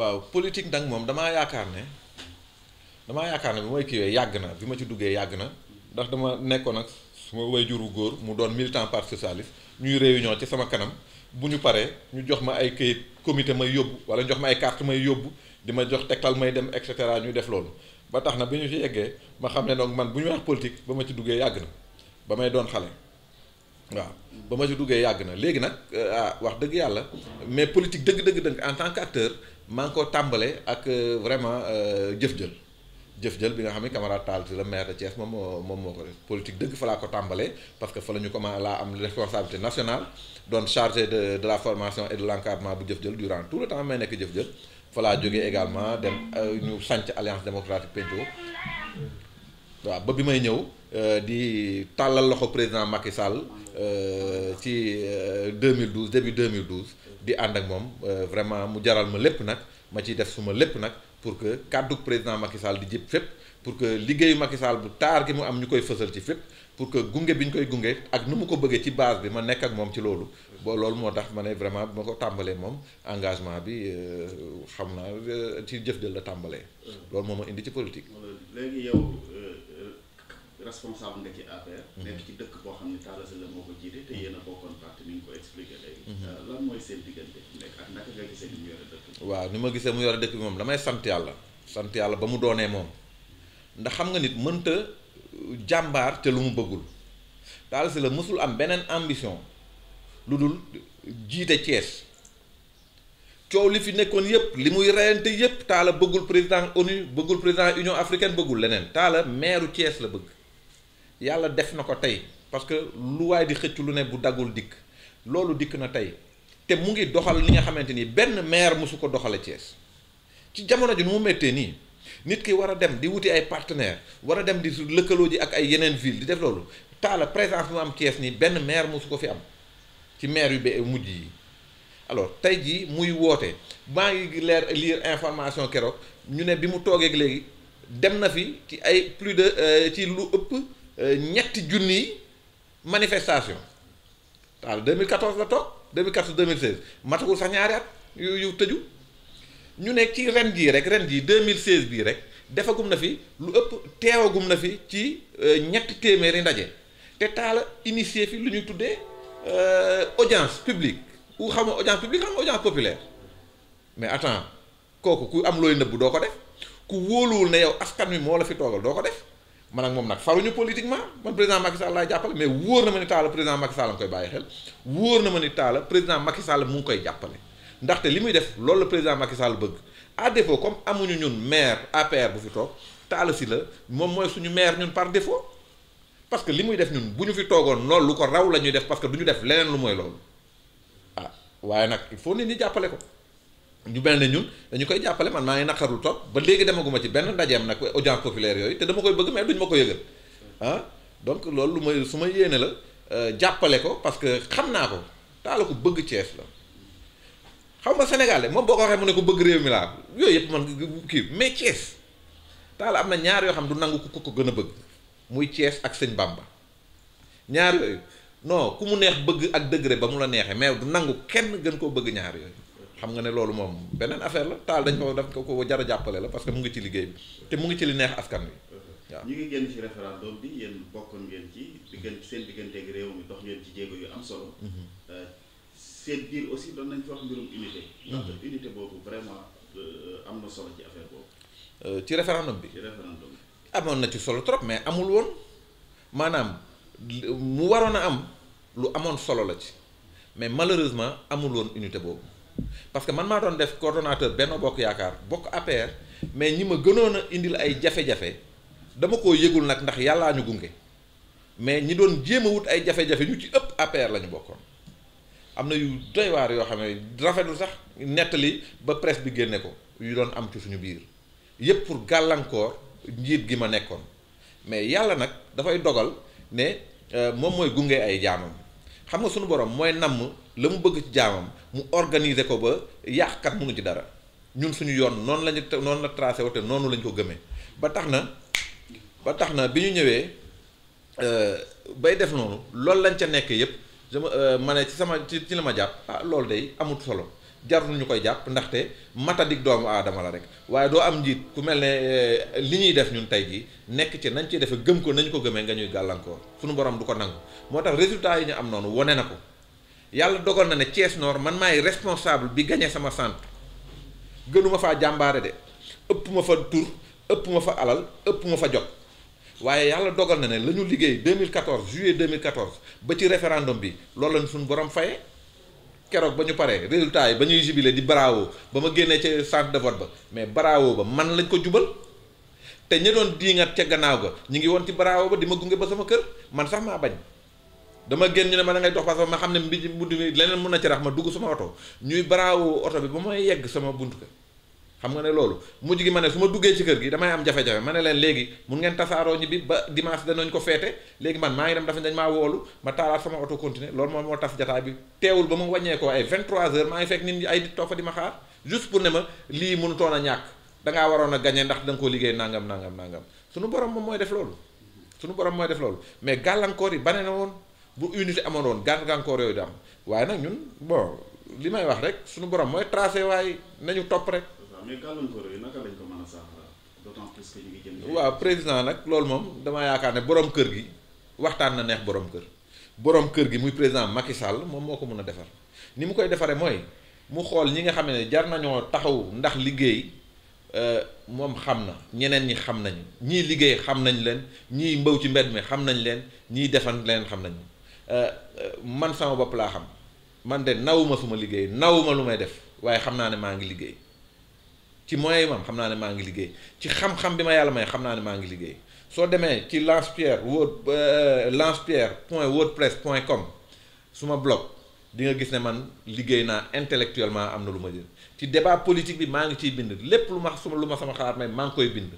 waaw politique nag moom damaa yaakaar ne damaa yaakaar ne bi may kiiwee yàgg na bi ma ci duggee yàgg na ndax dama nekkoon ak suma juru góor mu doon militant parti socialiste ñuy réunion ci sama kanam bu ñu paree ñu jox ma ay kayit comité may yóbbu wala ñu jox ma ay kart may yóbbu di ma jox tegtal may dem et cetera ñuy def loolu ba tax na bi ñu ci yeggee ma xam ne donc man bu ñu wax politique ba ma ci duggee yàgg na ba may doon xale waaw ba ma ci duggee yàgg na léegi nag euh, ah, wax dëgg yàlla mais politique dëgg dëgg dëgg en tant qu'acteur maa ngi ko tàmbale ak euh, vraiment euh, jëf jël jëf jël bi nga xam ne camarade Tall la maire de Thiès moom moom moo ko def politique dëgg fa laa ko tàmbalee parce que fa la ñu commencé laa am responsabilité nationale doon chargé de de la formation et de l' encadrement bu jëf jël durant tout le temps may nekk jëf jël fa laa jógee également dem euh, ñu sanc alliance démocratique Pencoo waaw ba bi may ñëw di tàllal loxo président Macky Sall ci 2012 début 2012. di ànd ak moom euh, vraiment mu jaral ma lépp nag ma ciy def suma lépp nag pour que kàddu président Macky Sall di jëpp fépp pour que liggéeyu Macky Sall bu taar gi mu am ñu koy fësal ci fépp pour que gunge bi ñu koy gunge ak nu mu ko bëggee ci base bi ma nekk ak moom ci loolu. boo loolu moo tax ma ne vraiment bu ma ko tàmbalee moom engagement bi euh, xam naa euh, ci jëf jël la tàmbalee. Mm. loolu moo ma indi ci politique. responsable nga ci APR. Mhm. nekk ci dëkk boo xam ne Talla Sylla moo ko jiite te yéen a bokkoon parti ni nga ko mhm. euh, mooy seen diggante nekk ak waaw ni ma gisee mu yore dëkk bi moom damay sant yàlla sant yàlla ba mu doonee moom ndax xam nga nit mënta euh, jàmbaar te lu mu bëggul si la mosul am beneen ambition lu dul jiite Thiès coow li fi nekkoon yépp li muy reyante yépp Talla bëggul président ONU bëggul président Union africaine bëggul leneen taal meeru cees la bëgg. yàlla def na ko tey parce que lu waay di xëcc lu ne bu daggul dikk loolu dikk na tey te mu ngi doxal li nga xamante ni benn maire mosu ko doxale Thiès ci jamono ji nu mu méttee nii nit ki war a dem di wuti ay partenaires war a dem di lëkkaloo ji ak ay yeneen ville di def loolu taala présence bu am Thiès nii benn maire mosu ko fi am ci maire yu ba mujj yi alors tey jii muy woote maa ngi leer liir information keroog ñu ne bi mu toogeeg léegi dem na fi ci ay plus de euh, ci lu ëpp Euh, ñetti junniy manifestation waaw 2014 la toog 2014 2016 matagul sax ñaari at yu yu tëju ñu ne ci ren jii rek ren jii 2016 bii rek defagum na fi lu ëpp teewagum na fi ci euh, ñetti téeméeri ndaje te taala initié fi lu ñuy tuddee euh, audience publique ku xam nga audience publique xam nga audience populaire mais attends kooku ku am looy nëbb doo ko def ku wóoluwul ne yow askan wi moo la fi toogal doo ko def. man ak moom nag faruñu politiquement man président Macky Sall laay jàppale mais wóor na ma ni Talla président Macky Sall ma ni Talla président Macky Sall mu ngi koy jàppale ndaxte li muy def loolu la président Macky Sall bëgg à défaut comme amuñu ñun maire APR bu fi toog Talla la moom mooy suñu maire ñun par défaut parce que li muy def ñun bu ñu fi toogoon loolu lu ko raw la ñuy def parce que du ñu def leneen lu mooy loolu ah waaye nag il faut nit ñi jàppale ko. ñu mel ne ñun dañu koy jàppale man maa ngi naqarlu toog ba léegi demaguma ci benn ndajeem nag audience populaire yooyu te dama koy bëgg mais duñ ma ko ah donc loolu lu may su ma yéene la euh, jàppale ko parce que xam naa ko taala ko bëgg Thiès xaw ma sénégalais moom boo ko waxee mu ne ko bëgg réew mi laa yëpp man kii mais Thiès taala am na ñaar yoo xam du nangu ku ko gën a bëgg muy Thiès ak sëñ Bamba ñaar yooyu non ku mu neex bëgg ak degré ba mu la neexee mais du nangu kenn gën koo bëgg ñaar yooyu xam nga ne loolu moom beneen affaire la taal dañ ko daf ko jar a jàppale la parce que mu ngi ci liggéey bi te mu ngi ci li neex askan wi waaw ñu ngi génn ci référendum bi yéen bokkoon ngeen ci diggante seen digganteeg réew mi dox ngeen ci jéego yu am solo mhm. euh, seen biir aussi doon nañ fi wax mbirum unité mhm. ndax boobu vraiment euh, am na solo ci affaire boobu euh, ci référendum bi ci référendum na ci solo trop mais amul woon maanaam mu waroon a am lu amoon solo la ci mais malheureusement amul woon unité boobu parce que man maa doon def coordonnateur Benno Bokk Yaakaar bokk APR mais ñi ma gënoon a indil ay jafe-jafe dama ko yëgul nag ndax yàllaa ñu gunge mais ñi doon jéem a wut ay jafe-jafe ñu ci ëpp APR la ñu bokkoon am na yu doy yoo xam ne rafetul sax nettali ba presse bi génne ko yu doon am ci suñu biir yëpp pour gàllankoor njiit gi ma nekkoon mais yàlla nag dafay dogal ne euh, moom mooy gunge ay jaamam. xam nga suñu borom mooy namm la mu bëgg ci jaamam mu organiser ko ba yàqkat mënu ci dara ñun suñu yoon noonu lañu te noonu la tracé wate noonu lañ ko gëmee ba tax na ba tax na bi ñu ñëwee euh, bay def noonu loolu lañ ca nekk yëpp je euh, ma ne ci sama ci ci la ma jàpp ah loolu day amut solo. jarul ñu koy jàpp ndaxte matadik doomu aadama la rek waaye doo am njiit ku mel ne eh, li ñuy def ñun tey jii nekk ci nañ ci defe gëm ko nañ ko gëmee nga ñuy gàllankoor suñu borom du ko nangu moo tax résultat yi ñu am noonu wane na ko yàlla dogal na ne Thiès Nord man maay responsable bi gagné sama sant gënuma faa jàmbaare de ëpp ma fa tur ëpp ma fa alal ëpp ma fa jot waaye yàlla dogal na ne la ñu liggéey 2014 juillet 2014 ba ci référendum bi loolu lañ suñu borom faye keroog ba ñu paree résultat yi ba ñuy jubilé di bravo ba ma génnee ci centre de vote ba mais bravo ba man lañ ko jubal te ña doon diingat ca gannaaw ga ñu ngi woon ci bravo ba di ma gunge ba sama kër man sax maa bañ dama génn ñu ne ma da ngay dox parce que ma xam ne mbi mbudd mi leneen mun na ci rax ma dugg sama oto ñuy bravo oto bi ba may yegg sama buntu kër xam nga ne loolu mujj gi ma ne su ma duggee ci kër gi damay am jafe-jafe ma ne leen léegi mun ngeen tasaaroo ñibbi ba dimanche danañ ko feete léegi man maa ngi dem dafa dañ maa woolu ma taalaat sama oto continuer loolu moom moo tas jataay bi teewul ba mu wàññeekoo ay 23 heures maa ngi fekk nit ay toog fa di ma xaar juste pour ne ma lii mënutoon a ñàkk dangaa waroon a gañe ndax danga ko liggéey nangam nangam nangam suñu borom moom mooy def loolu suñu borom mooy def loolu mais gàllankoor yi bane na woon bu unité amoon woon gàllankoor yooyu am waaye nag ñun bon li may wax rek suñu borom mooy tracé waaye nañu topp rek waaw président nag loolu moom dama yaakaar ne boroom kër gi waxtaan na neex boroom kër borom kër gi muy président Macky sàll moom moo ko mën a defar ni mu koy defaree mooy mu xool ñi nga xam ne jar nañoo taxaw ndax liggéey euh, moom xam na ñeneen ñi xam nañu ñii liggéey xam nañ leen ñii mbaw ci mbedd mi xam nañ leen ñii defan leen xam nañu euh, euh, man sama bopp laa xam man de nawuma suma liggéey nawuma lu may def waaye xam naa ne maa ngi liggéey ci moyens yi ma xam naa ne maa ngi liggéey ci xam-xam bi ma yàlla may xam naa ne ngi liggéey soo demee ci Lansepierre word euh, Lansepierre point wordpress point com suma blog di nga gis ne man liggéey naa intellectuellement am na lu ma jël ci débat politique bi maa ngi ciy bind lépp lu ma suma lu ma sama xaar may maa ngi koy bind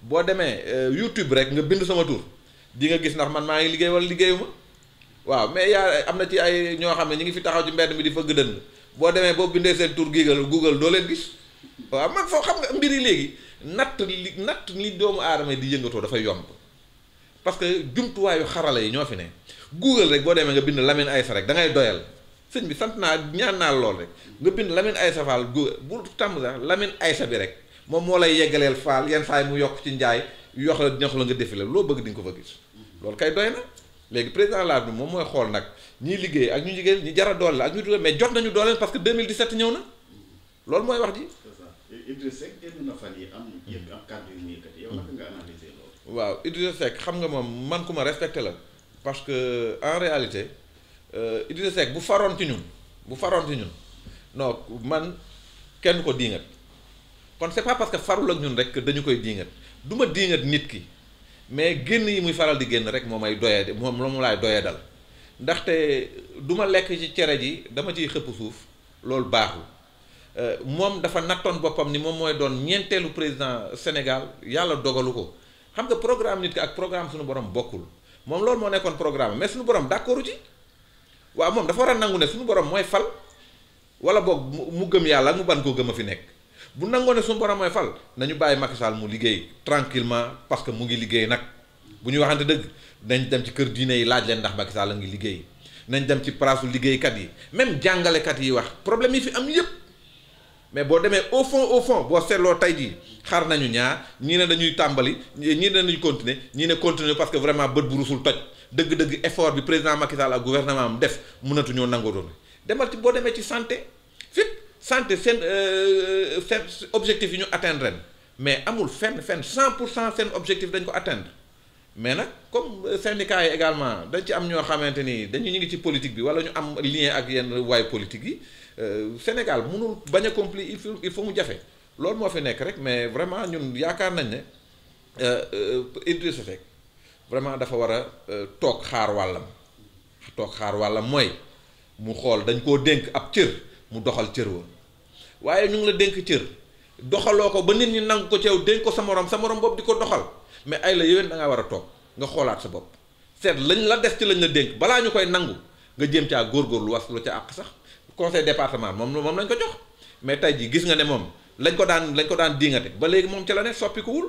boo demee euh, YouTube rek nga bind sama tur di nga gis ndax man maa ngi liggéey wala liggéeyuma waaw mais yaa am na ci ay ñoo xam ne ñu ngi fi taxaw ci mbedd mi di fëgg dënn boo demee boo bindee seen tur Google Google doo waaw man foo xam nga mbir yi léegi natt li natt ni doomu aadama di yëngatoo dafa yomb parce que jumtuwaayu xarala yi ñoo fi ne Google rek boo demee nga bind Lamine Aïssa rek da ngay doyal sëñ bi sant naa ñaan naa lool rek nga bind Lamine Aïssa Fall Google bu tàmm sax Lamine Aïssa bi rek moom moo lay yeggaleel Fall yenn saa yi mu yokk ci njaay yox la ñox la nga défilé loo bëgg di nga ko fa gis loolu kay doy na léegi président la bi moom mooy xool nag ñiy liggéey ak ñu jigéen ñi jara doole la ak ñu dugal ñëw na loolu mooy wax ji. Idrissa am yëpp am waaw Idrissa Seck xam nga moom man ku ma respecté la parce que en réalité euh, Idrissa Seck bu faroon ci ñun bu faroon ci ñun non man kenn ko diingat kon c'est pas parce que farul ak ñun rek dañu koy diingat duma ma nit ki mais génn yi muy faral di génn rek moo may doyee moom ma laay doyee dal ndaxte du ma lekk ci cere ji dama ciy xëpp suuf loolu baaxul. Euh, moom dafa nattoon boppam ni moom mooy doon ñeenteelu président Sénégal yàlla dogalu ko xam nga programme nit ki ak programme suñu borom bokkul moom loolu moo nekkoon programme mais suñu borom d'accordu ci waaw moom dafa war a nangu ne suñu borom mooy fal wala boog mu gëm yàlla mu ban koo gëm a fi nekk bu nangoo ne suñu borom fal nañu bàyyi Macky Sall mu liggéey tranquillement parce que mu ngi liggéey nag bu ñu waxante dëgg nañ dem ci kër diine yi laaj leen ndax Macky Sall a ngi liggéey nañ dem ci palaasu liggéeykat yi même jàngalekat yi wax problème yi fi am yépp mais boo demee au fond au fond boo seetloo tey jii xar nañu ñaar ñii ne dañuy tàmbali ñii ne dañuy continuer ñii ne continuer parce que vraiment bët bu rusul toj dëgg-dëgg effort bi président Macky Sall ak gouvernement am def mënatuñoo nangoo doon demal ci boo demee ci santé fépp santé seen euh, euh, seen objectif yi ñu atteindre mais amul fenn fenn cent pour cent seen objectif dañ ko atteindre. mais nag comme euh, syndicat yi également dañ ci am ñoo xamante ni dañu ñu ngi ci politique bi wala ñu am lien ak yenn waay politique yi euh, Sénégal mënul bañ a compli il faut mu jafe loolu moo fi nekk rek mais vraiment ñun yaakaar nañ ne euh, Idrissa Seck vraiment dafa war a toog xaar wàllam toog xaar wàllam mooy mu xool dañ koo dénk ab cër mu doxal cër wa waaye ñu ngi la dénk cër doxaloo ko ba nit ñi nangu ko ceew dénk ko sa morom sa morom boobu di ko doxal mais ay la yéwén da ngaa war a toog nga xoolaat sa bopp seet lañ la des ci lañ la dénk balaa ñu koy nangu nga jéem caa góorgóorlu was lu ca àq sax conseil département moom moom lañ ko jox mais tey ji gis nga ne moom lañ ko daan lañ ko daan diingate ba léegi moom ci la ne soppikuwul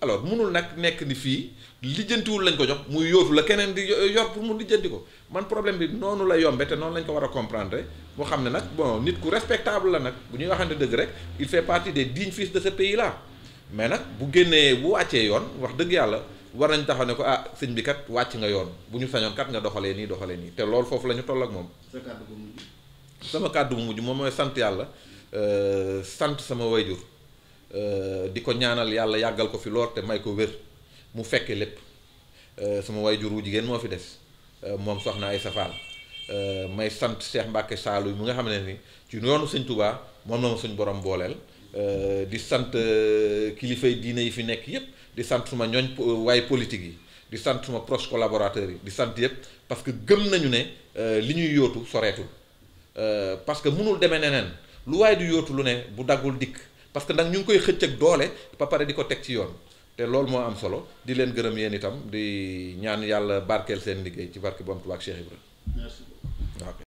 alors munul nag nekk ni fii lijjantiwul lañ ko jox muy yóotu la keneen di yor pour mu lijjanti ko man problème bi noonu la yombe te noonu lañ ko war a comprendre moo xam ne nag bon nit ku respectable la nag bu ñuy waxante dëgg rek il fait partie des dignes fils de ce pays là mais nag bu génnee bu wàccee yoon wax dëgg yàlla war nañ taxaw ne ko ah sëñ bi kat wàcc nga yoon bu ñu sañoon kat nga doxalee nii doxalee nii te loolu foofu la ñu toll ak moom. sama kàddu bu mujj moom mooy sant yàlla euh, sant sama wayjur euh, di ko ñaanal yàlla yàggal ko fi loor te may ko wér mu fekkee lépp euh, sama wayjur wu jigéen moo fi des moom soxna ay safaal may sant Cheikh Mbacke Saalum mi nga xam ne ni ci yoonu sëñ Touba moom la ma suñ borom booleel. Euh, di sant euh, kilifay diine yi fi nekk yépp di sant suma ñooñ euh, waaye politique yi di sant suma proche collaborateurs yi di sant yépp parce que gëm nañu ne li ñuy yóotu soreetul parce que mënul demee neneen lu waaye di yootu lu ne bu daggul dikk parce que nag ñu ngi koy xëcc ak doole ba pare di ko teg ci yoon te loolu moo am solo di leen gërëm yéen itam di ñaan yàlla barkeel seen liggéey ci barke bu am ak Cheikh Ibrahima. merci